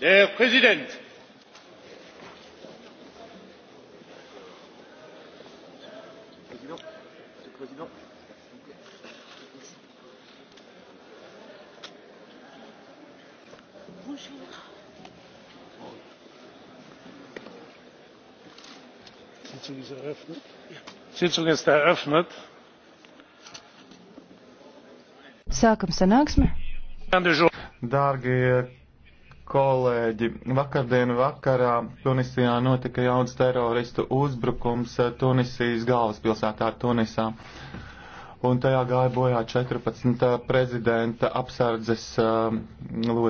herr präsident! die sitzung ist eröffnet. sākam sanāksmi. Dārgie kolēģi, vakardien vakarā Tunisijā notika jauns teroristu uzbrukums Tunisijas galvaspilsētā Tunisā. Un tajā gāja bojā 14 eh, prezidenta apsardzes uh,